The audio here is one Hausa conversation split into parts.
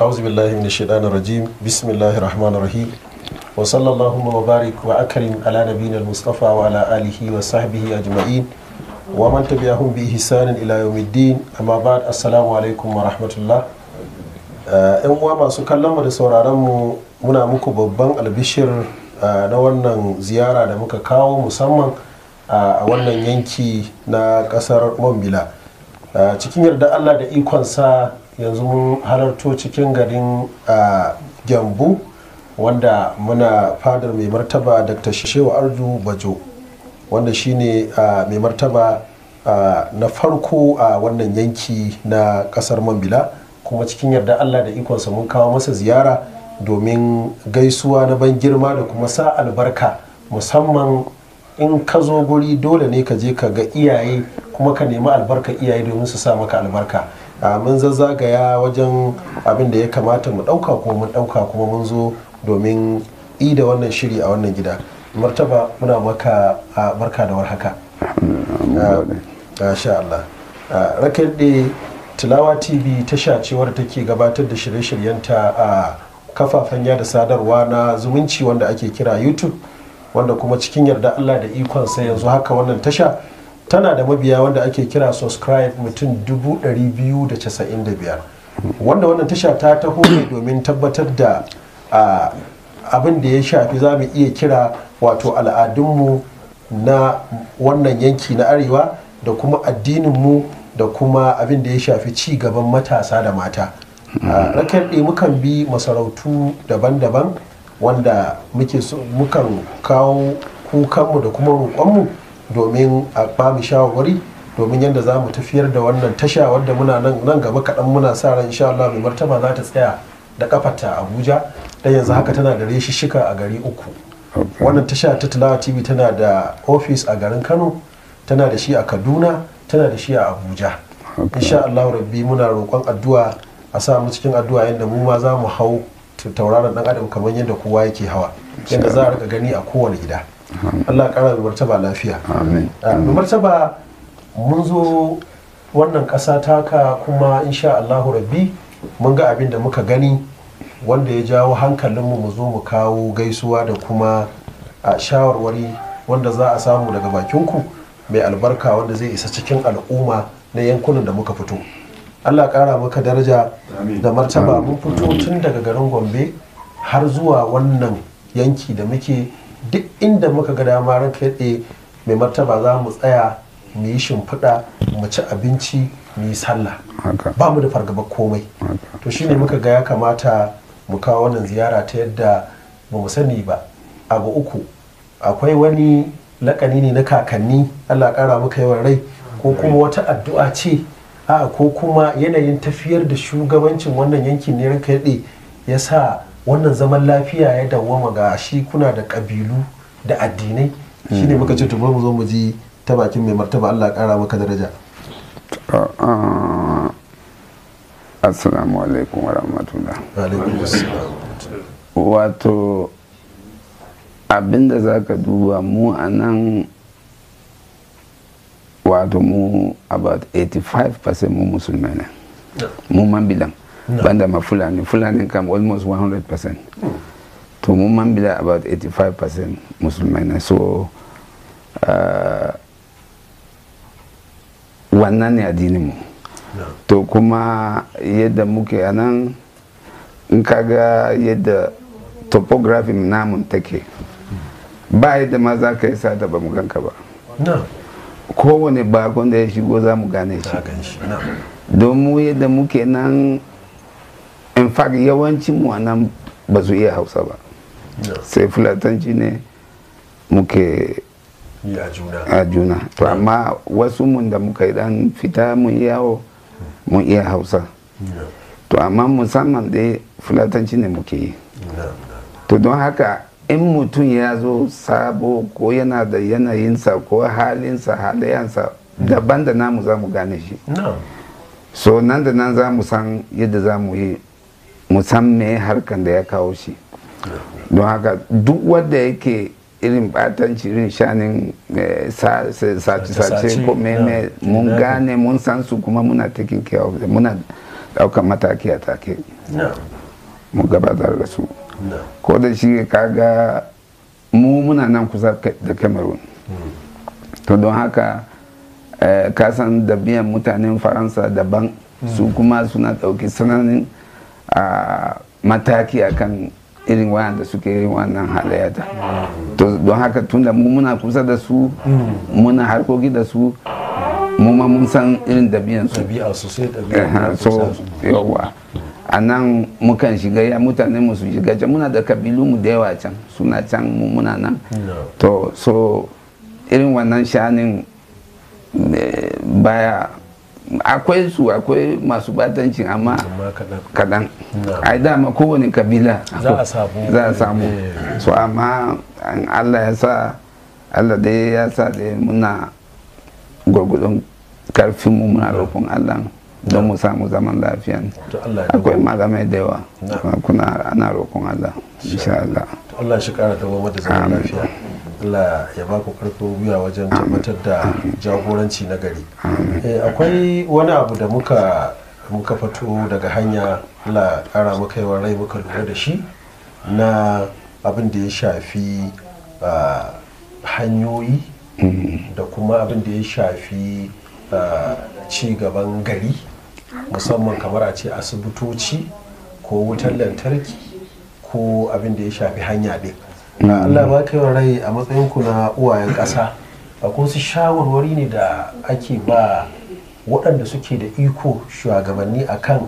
auzu billahi min shaitani rajim bismillahi rahmani rahim wa sallallahu wa barik wa akrim ala nabiyina mustafa wa ala alihi wa sahbihi ajma'in wa man tabi'ahum bi ihsanin ila yawmiddin amma ba'd assalamu alaikum wa rahmatullah ɗan uwa masu kallon mu da sauraron mu muna muku babban albishir na wannan ziyara da muka kawo musamman a wannan yanki na ƙasar mombila cikin yarda allah da ikon sa yanzu mun halarto cikin garin a gyambu wanda muna fadar mai martaba dr shewa arju bajo wanda shine mai martaba na farko a wannan yanki na kasar mambila kuma cikin yarda allah da ikonsa mun kawo masa ziyara domin gaisuwa na ban girma da kuma sa albarka musamman in ka zo guri dole ne ka je ka ga iyaye kuma ka nemi albarka iyaye domin su sa maka albarka mun zazzagaya wajen abin da ya kamata mu ɗauka ko mun ɗauka kuma mun zo domin i da wannan shiri a wannan gida martaba muna maka barka da warhaka mm, sha Allah rakar tilawa tv tasha ce wadda take gabatar da shirye-shiryenta a kafafen yada sadarwa na zumunci wanda ake kira youtube wanda kuma cikin yarda allah da ikon sai yanzu haka wannan tasha tana da mabiya wanda ake kira subscribe mutum 295 wanda wannan tasha ta taho ne domin tabbatar da abin da ya shafi za mu iya kira wato al'adunmu na wannan yanki na arewa da kuma addininmu da kuma abin da ya shafi ci gaban matasa da mata rakar ɗe mukan bi masarautu daban-daban wanda mukan kawo kukanmu da kuma roƙonmu domin a ba shawarwari domin yadda za mu tafiyar da wannan tasha wadda muna nan gaba kaɗan muna sa ran insha Allah mai martaba za ta tsaya da kafarta Abuja ɗan yanzu haka tana da reshi shika a gari uku wannan tasha ta Tilawa TV tana da ofis a garin Kano tana da shi a Kaduna tana da shi a Abuja insha Allah rabbi muna roƙon addu'a a sa mu cikin addu'a yadda mu ma za mu hau tauraron ɗan adam kamar yadda kowa yake hawa yadda za a rika gani a kowane gida Allah ya kara martaba lafiya ah, amin martaba mun zo wannan ƙasa taka kuma insha Allahu rabbi mun ga abin da muka gani wanda ya jawo hankalinmu mu zo mu kawo gaisuwa da kuma a ah, shawarwari wanda za a samu daga bakinku mai albarka wanda zai isa cikin al'umma na yankunan da muka fito allah kara maka daraja da martaba mun fito tun daga garin gombe har zuwa wannan yanki da muke duk inda muka ga dama ran mai martaba za mu tsaya mu yi shimfiɗa mu ci abinci mu yi sallah ba mu da fargaba komai to shine muka ga ya kamata mu kawo wannan ziyara ta yadda ba mu sani ba abu uku akwai wani lakani ne na kakanni allah kara muka yawan rai ko kuma wata addu'a ce a ko kuma yanayin tafiyar da shugabancin wannan yankin ne ranka ya sa wannan zaman lafiya ya dawo ga shi kuna da kabilu da addinai ne muka ce tuba mu zo mu ji ta bakin mai martaba Allah ya kara maka daraja ah, assalamu alaikum wa rahmatullah wato abinda za ka duba mu a nan wato mu about 85% mu musulmai ne mu man bilan no. banda ma fulani fulani kam almost 100 percent mm. to mu bila about 85 percent musulmai ne so uh, wannan ne addinin mu no. to kuma yadda muke a nan in kaga yadda topography namun take ba yadda ma za ka yi sata ba mu ganka ba no. kowane bakon da ya shigo za mu gane shi don mu yadda muke nan in fact yawancin mu anan ba su iya hausa ba sai fulatanci ne muke a juna to amma wasu mun da muka yi dan fita mun yawo mun iya hausa to amma musamman dai fulatanci ne muke yi to don haka in mutum ya zo sabo ko yana da yanayinsa ko halinsa halayensa daban da namu za mu gane shi so nan da nan za mu san yadda za mu yi musamman harkan da ya kawo shi don haka duk wanda yake irin batanci irin shanin eh, sace-sace ko meme mun gane mun san su kuma muna tekin care of muna daukan mataki a take mu gabatar da su ko da shi kaga mu muna nan kusa da cameroon mm. to don haka eh, kasan da biyan mutanen faransa daban su mm. kuma suna dauki sananin A mataki akan irin wayanda suke irin wannan halayya ta to don haka tunda mu muna kusa da su muna harkoki da su mu ma mun san irin dabi'an su so yawa a nan mukan shiga ya mutane mu su shiga can muna da kabilu mu da yawa can suna can mu muna nan to so irin wannan shanin eh, baya akwai su akwai masu batancin amma kadan a dama kowane kabila za a samu eh. so amma allah ya sa allah dai ya sa dai muna gwagwadon karfinmu muna roƙon allah don mu samu zaman lafiya akwai malamai da yawa kuna ana roƙon allah insha allah allah shi kara da zaman lafiya Allah ya ba ku karfin wajen tabbatar da jagoranci na gari eh, akwai wani abu da muka muka fito daga hanya Allah kara muka yi rai muka lura da shi na abin da ya shafi ah, hanyoyi da kuma abin da ya shafi ah, ci gaban gari musamman kamar a ce asibitoci ko wutar lantarki ko abin da ya shafi hanya ɗin Allah ba kai rai a matsayin ku na uwayen ƙasa akwai wasu shawarwari ne da ake ba waɗanda suke da iko shugabanni a kan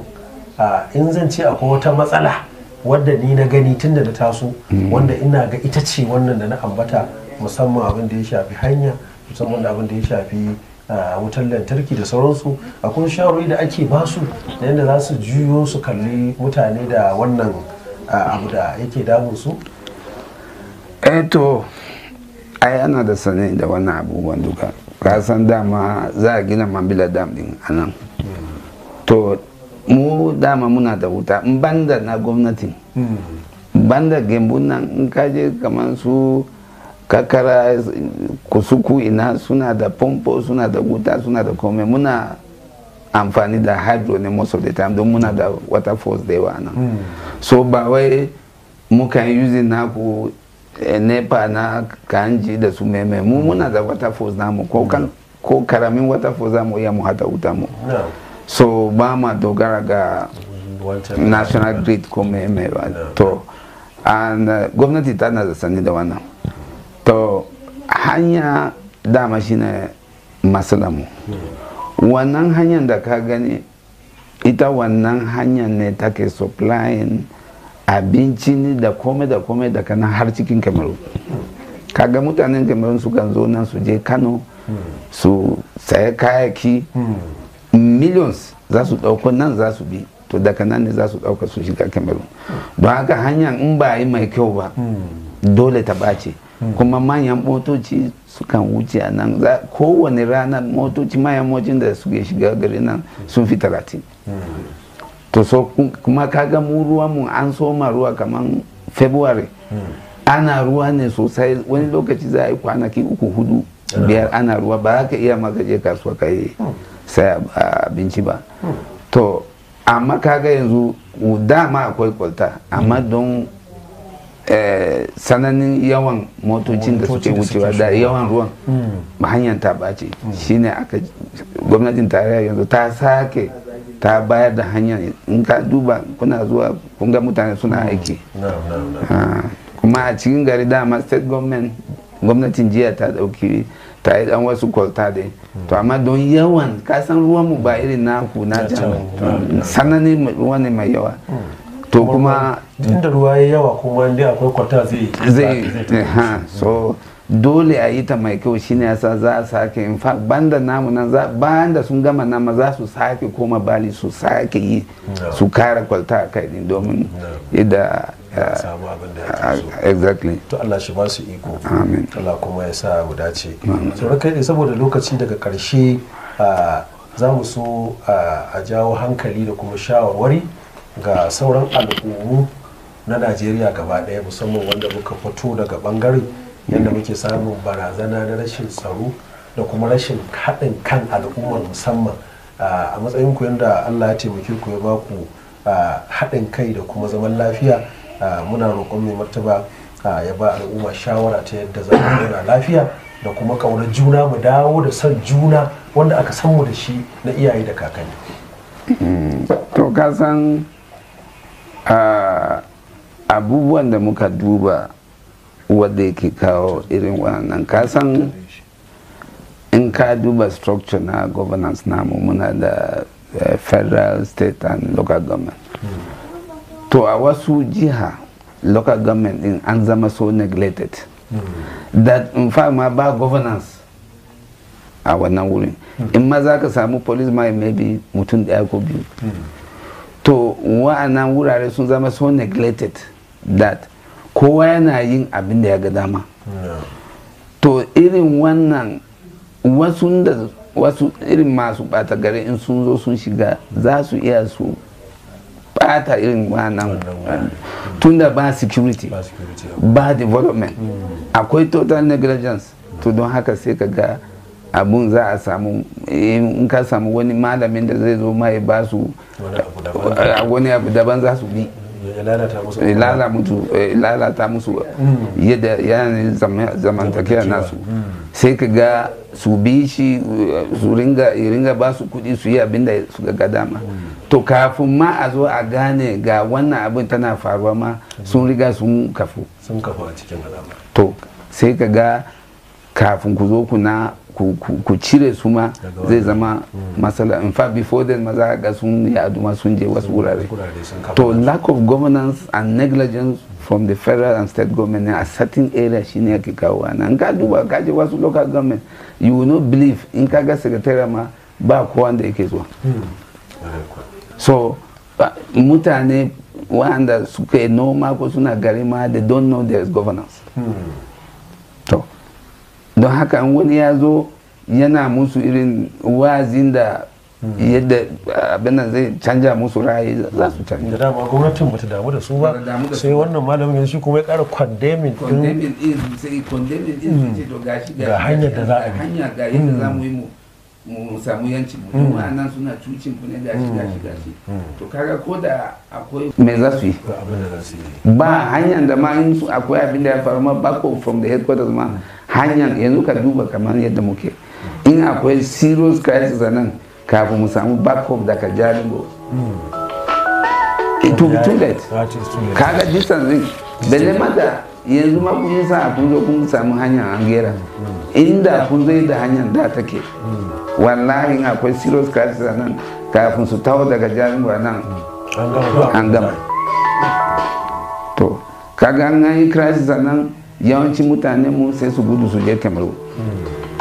in zan ce akwai wata matsala wadda ni na gani tun da taso mm. wanda ina ga ita ce wannan da na ambata musamman abin da ya shafi hanya musamman abin da ya shafi wutar lantarki da sauransu akwai shawarwari da ake ba su da yadda za su juyo su kalli mutane da wannan abu da yake damun su eh to ai ana da sane da wannan abubuwan duka kasan dama za a gina mambila dam din a nan to mu dama muna da wuta in banda na gwamnatin banda gembun nan in kaje kamar su kakara kusuku ina suna da pompo suna da wuta suna da komai muna amfani da hydro ne most of the time don muna da water force da yawa nan hmm. so ba wai muka yuzin naku Eh, nepa na kanji da su meme mu mm. muna da waterfalls namu ko mm. kan ko karamin waterfalls zamu iya mu hada wuta mu so ba ma dogara ga national grid ko meme ba to and uh, gwamnati tana da sani da wannan to hanya dama shine masalamu mm. wannan hanyar da ka gani ita wannan hanyar ne take supplying abinci da komai da komai daga nan har cikin cameroon kaga mutanen cameroon su kan zo nan su je kano su saya kayaki millions za su ɗauko nan za su bi to daga nan ne za su ɗauka su shiga cameroon don haka hanyar in ba yi mai kyau ba dole ta bace kuma manyan motoci sukan wuce a nan kowane rana motoci manyan motocin da suke shiga gari nan sun fi talatin to so kuma kaga mu ruwa mu an soma ruwa kaman february ana ruwa ne sosai wani lokaci za a yi kwanaki uku hudu biyar ana ruwa ba za ka iya maka je kasuwa ka yi hmm. sai abinci ba hmm. to amma kaga yanzu dama akwai kwalta amma hmm. don eh, sananin yawan motocin da suke wucewa da yawan ruwan hanyar ta ce shine aka gwamnatin tarayya yanzu ta sake ta bayar da hanya in ka duba kuna zuwa kunga mutane suna mm. aiki ah, kuma a cikin gari dama state government gwamnatin jiya ta dauki ta yi dan wasu kwalta dai mm. to amma don yawan kasan ruwan mu ba irin naku na can Sanani ruwa ne mai yawa mm. to kuma inda ruwa ya yawa kuma inda akwai kwalta zai zai eh, ha so dole a yi ta mai kyau shine yasa za a sake in fa banda namu nan da sun gama nama za su sake koma bali su sake yi su kara kwalta a kai din domin yadda uh, samu abin da ya uh, exactly to Allah shi ba su iko amin Allah kuma ya sa mu dace to kai saboda lokaci daga karshe uh, za mu so a jawo hankali da kuma shawarwari ga sauran al'ummu na Najeriya gaba ɗaya musamman wanda muka fito daga bangaren yadda muke samun barazana na rashin tsaro da kuma rashin haɗin kan al'ummar musamman a matsayin ku yadda allah ya taimake ku ya ba ku haɗin kai da kuma zaman lafiya muna roƙon mai martaba ya ba al'umma shawara ta yadda za mu lafiya da kuma ƙaunar juna mu dawo da son juna wanda aka san mu da shi na iyaye da kakanni. Hmm, to ka san abubuwan da muka duba wadda yake kawo irin wannan kasan in ka duba structure na governance namu muna da eh, federal state and local government to a wasu jiha local government din an zama so neglected that in fact ma ba governance a wannan wurin in ma za ka samu police ma maybe mutum daya ko biyu to wa'annan wurare sun zama so neglected that kowa yana yin abin da ya ga dama to irin wannan wasu da wasu irin masu bata gari in sun zo sun shiga za su iya su bata irin wannan tun da ba security ba development hmm. akwai total negligence to don haka sai ka ga abun za a samu in ka samu wani malamin da zai zo ma ya ba su wani abu daban za su bi lalata musu musu eh, mm. yadda yanayin zamantakiya nasu mm. sai ka ga su bi shi su ringa ba su kudi su yi abin da su ga dama mm. to kafin ma a zo a gane ga wannan abin tana faruwa ma sun riga sun kafu sun kafu a cikin alama to sai ka ga kafin ku zo kuna ku cire su ma zai zama hmm. matsala in fact before then maza ga sun yadu ma sun je wasu wurare to lack of governance and negligence from the federal and state government a certain area shine ke kawo ana in ka duba ka je wasu local government you will not believe in ka ga secretary ma ba kowa da yake zuwa hmm. so mutane wanda suka noma ko suna gari ma they don't know there is governance hmm. don haka an wani ya zo yana musu irin wazin da hmm. yadda ah, abin nan zai canja musu ra'ayi za su hmm. canja da dama gwamnatin bata damu da su ba sai wannan malamin yanzu kuma ya kara condemning condemning din sai condemning din hmm. sai to gashi ga hanyar da za a bi hanya ga yadda za mu yi mu samu yanci mu a nan suna cucin ku ne gashi gashi gashi to kaga ko da akwai me za su yi ba hanyar da ma in akwai abin da ya faru ma back from the headquarters ma hanyar yanzu ka duba kamar yadda muke in akwai serious crisis a nan kafin mu samu backup daga jalingo it will be too late kaga distance din belle mata yanzu ma kun yi sa'a kun zo kun samu hanyar an gera. inda kun zo da hanyar da take wallahi in akwai serious crisis a nan kafin su taho daga jalingo a nan an gama to kaga an yi crisis a nan yawancin mutane mu sai su gudu su je kamaru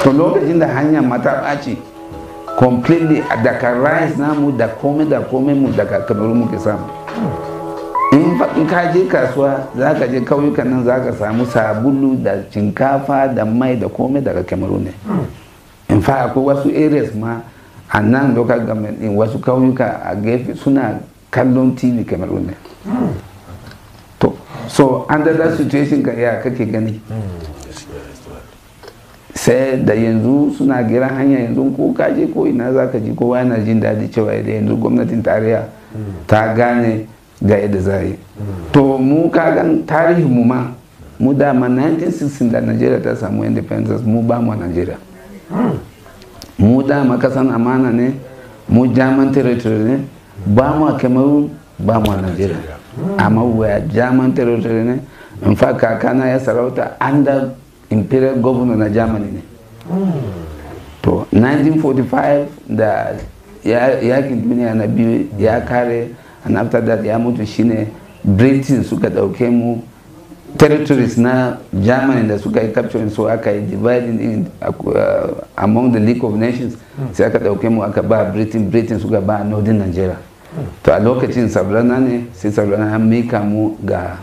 to lokacin da hanya mata ɓaci completely daga rice namu da komai da komai mu daga kamaru muke samu in ka je kasuwa za ka je kauyukan nan za ka samu sabulu da shinkafa da mai da komai daga kamaru ne in fa akwai wasu areas ma a nan local government din wasu kauyuka a gefe suna kallon tv kamaru ne so under that situation ka ya kake gani hmm, sai da yanzu suna gira hanya yanzu ko kaje ko ina za ka ji kowa yana jin daɗi cewa da yanzu gwamnatin tarayya hmm. ta gane ga yadda za yi hmm. to mu kagan tarihi mu ma mu dama 1960 da najeriya ta samu independence mu ba mu najeriya mu dama kasan amana ne mu jaman territory ne ba mu a ba mu a najeriya amma we german territory ne in fact kakana ya sarauta under imperial governor na germany ne to 1945 da yakin duniya na biyu ya kare and after that ya mutu shine britain suka dauke mu territories na germany da suka yi capture so aka yi dividing in, uh, among the league of nations hmm. sai aka dauke mu aka ba britain britain suka ba northern nigeria to a lokacin sabrana ne sai sabrana ya mika mu ga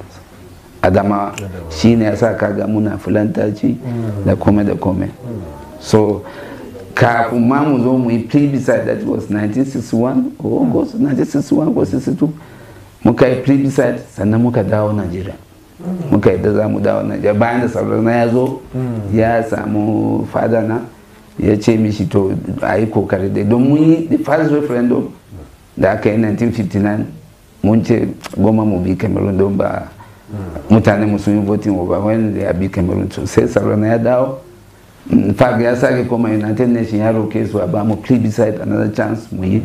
adama shi ne ya sa kaga muna fulantaci da kome da kome so kafin ma mu zo mu yi plebiscite that was 1961 or august 1961 ko 62 muka yi plebiscite sannan muka dawo najeriya muka da za mu dawo najeriya bayan da sabrana ya zo ya samu fadana ya ce mishi to a yi kokari dai don mun yi the first referendum da aka 1959 mun ce goma mu bi cameroon don ba mutane mu sun voting voting ba wanda ya bi cameroon to sai na ya dawo mm, fag ya sake koma united nation ya roke su ba mu plebiscite another chance mu yi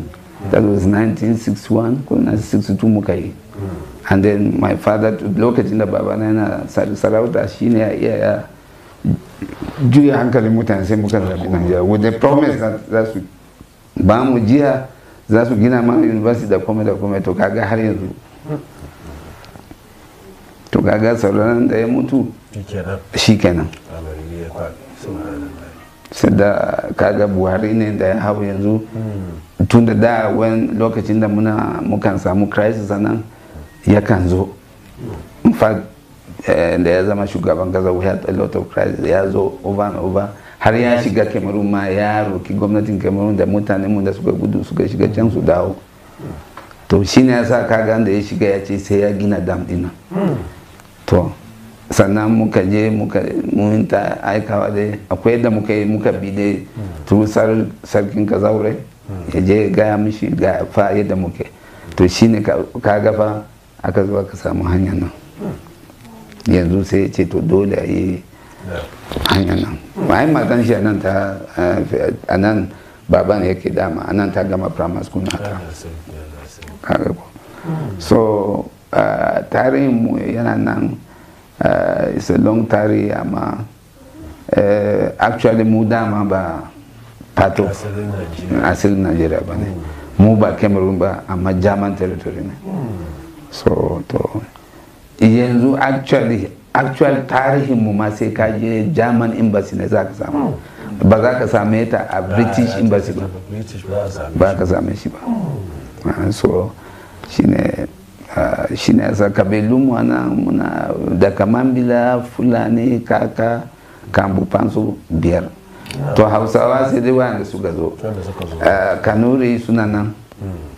that was 1961 ko 1962 mu kai and then my father to block it in lokacin da babana yana sarauta shine ya iya ya juya hankalin mutane sai muka nan Nigeria with the promise that, that's ba mu jiya za su gina ma university da kome da kome to kaga har yanzu to kaga sauran da ya mutu shi kenan da kaga buhari ne da ya hau yanzu hmm. tun da da lokacin da muna mukan samu crisis nan kan zo in fact eh, da ya zama shugaban gaza we had a lot of crisis ya zo over and over har ya shiga cameroon ma ya roki gwamnatin cameroon da mutanen mu da suka gudu suka shiga can su dawo to shi ne ya sa kaga da ya shiga ya ce sai ya gina dam dina to sannan muka je muka mun aikawa dai akwai da muka yi muka bi dai turusar sarkin zaure ya je gaya mishi ga fa yadda muke to shi ne ka gafa aka zuwa ka samu hanyar nan yanzu sai ya ce to dole a yi hanyar Mai magan shi anan ta anan baban yake dama anan ta gama primary school na ta so tarihin mu yana nan it's a long tarihi amma actually mu dama ba part of asalin nigeria ba ne mu ba cameroon ba amma german territory ne so to yanzu actually actual tarihin mu ma sai ka je german embassy ne za ka samu hmm. ba za ka same ta a british embassy ba ba ka same shi ba ah, so shine ah, shine yasa lumu mu muna da kamambila fulani kaka kambu pansu biyar to hausawa sai dai wanda suka zo ah, kanuri suna nan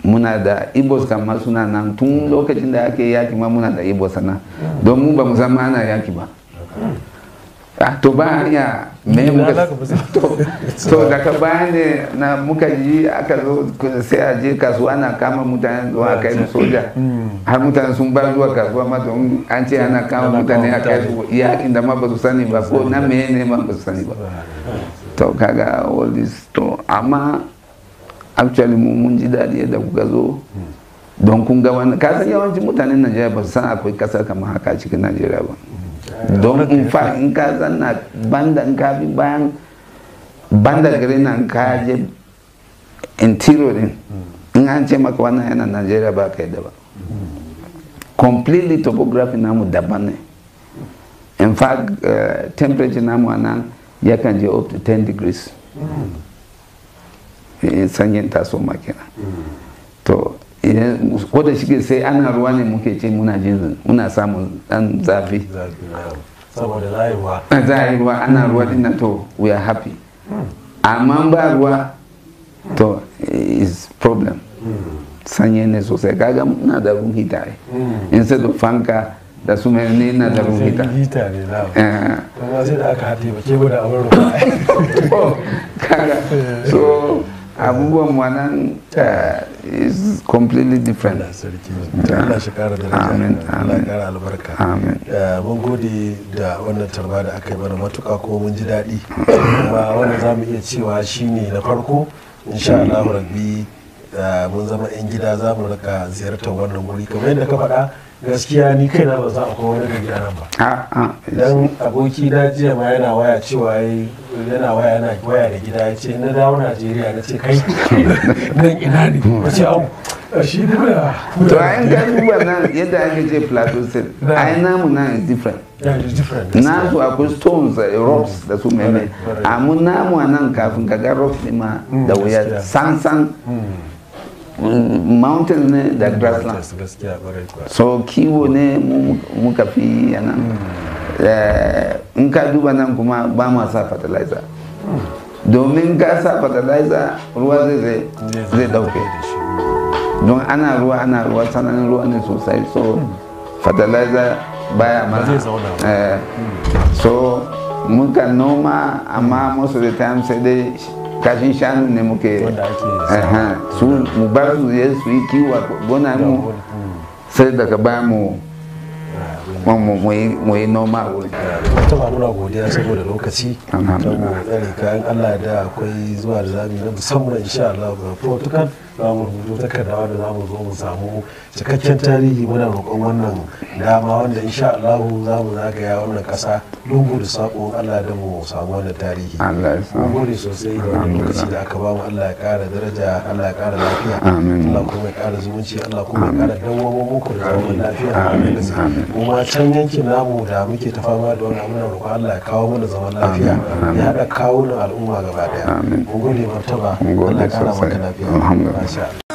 muna da ibos kama suna nan tun lokacin da ake yaki ma muna da ibos sana don mu ba mu san ana yaki ba ah, to ba ya me muka to daga baya ne na muka yi aka zo sai a je kasuwa na kama mutane zuwa a kai soja hmm. har mutane sun ba zuwa kasuwa ma don an ce ana kama mutane a kai yakin da ma ba su sani ba ko na me ne ma ba su sani ba to kaga all this to amma actually mu mun ji dadi yadda kuka zo don kun ga wani san yawancin mutanen najeriya ba su san akwai kasa kamar haka cikin najeriya ba don in fa in ka na banda in ka bi bayan banda gare nan ka je interior din in an ce maka wannan yana najeriya ba ka yadda ba completely topography namu daban ne in fact eh, temperature namu anan ya kan je up to 10 degrees Eh, sanyin taso ma kenan to idan ko da shi sai ana ruwa ne muke ce muna jin muna samun dan zafi saboda rayuwa rayuwa ana ruwa din nan to we are happy amma ba ruwa to is problem sanye ne sosai kaga muna da ruhi hita ne instead of fanka da su mai ne na da ruhi hita hita ne na eh. ba sai da aka haɗe ba ce ke da abin ruwa kaga so abubuwan wannan is completely different da sarki Allah shi kara Allah kara albarka amin mun gode da wannan tarba da aka yi mana matuka ko mun ji daɗi amma wanda zamu iya cewa shine na farko insha Allah rabbi mun zama 'yan gida zamu mu rika ziyartar wannan guri kamar yadda ka faɗa gaskiya ni kai na ba za a kuma wani gari nan ba ah, ah, don aboki na jiya ma yana waya cewa yana waya yana waya da gida ya ce na dawo najeriya na ce kai nan ina ne ba ce abu shi ba to a ga gani nan yadda ake ce plateau a ayin namu nan is different nasu akwai stones eh, rocks da su meme amma namu a nan kafin ka ga rocks ma mm, da wuya sansan mountains ne da grasslands so kiwo ne muka fi yanan hmm. eh, in ka duba nan kuma ba ma sa fertilizer hmm. domin ka sa fertilizer ruwa zai dauke don ana ruwa ana ruwa sananin ruwa ne sosai so hmm. fertilizer baya mana eh. so muka noma amma most of the time sai dai kashin shanun ne muke su mu ba su je su yi kiwa gona mu hmm. sai daga ba mu ah, mu yi noma a ta ba muna godiya saboda lokaci. ta mu Alhamdulillah. Kayan Allah da akwai zuwa da zami na musamman insha Allah ga protocol. za mu rubuto takardawa da zamu zo mu samu cikakken tarihi muna roƙon wannan dama wanda insha Allah za mu zagaya wannan ƙasa lungu da saƙo Allah da mu samu wannan tarihi mun gode sosai da wannan lokaci da aka ba mu Allah ya ƙara daraja Allah ya ƙara lafiya Allah kuma ya ƙara zumunci Allah kuma ya ƙara dawowa muku da zaman lafiya kuma can yankin namu da muke ta fama da wannan muna roƙon Allah ya kawo mana zaman lafiya ya haɗa kawo al'umma gaba ɗaya mun gode martaba Allah ya ƙara maka lafiya Yeah.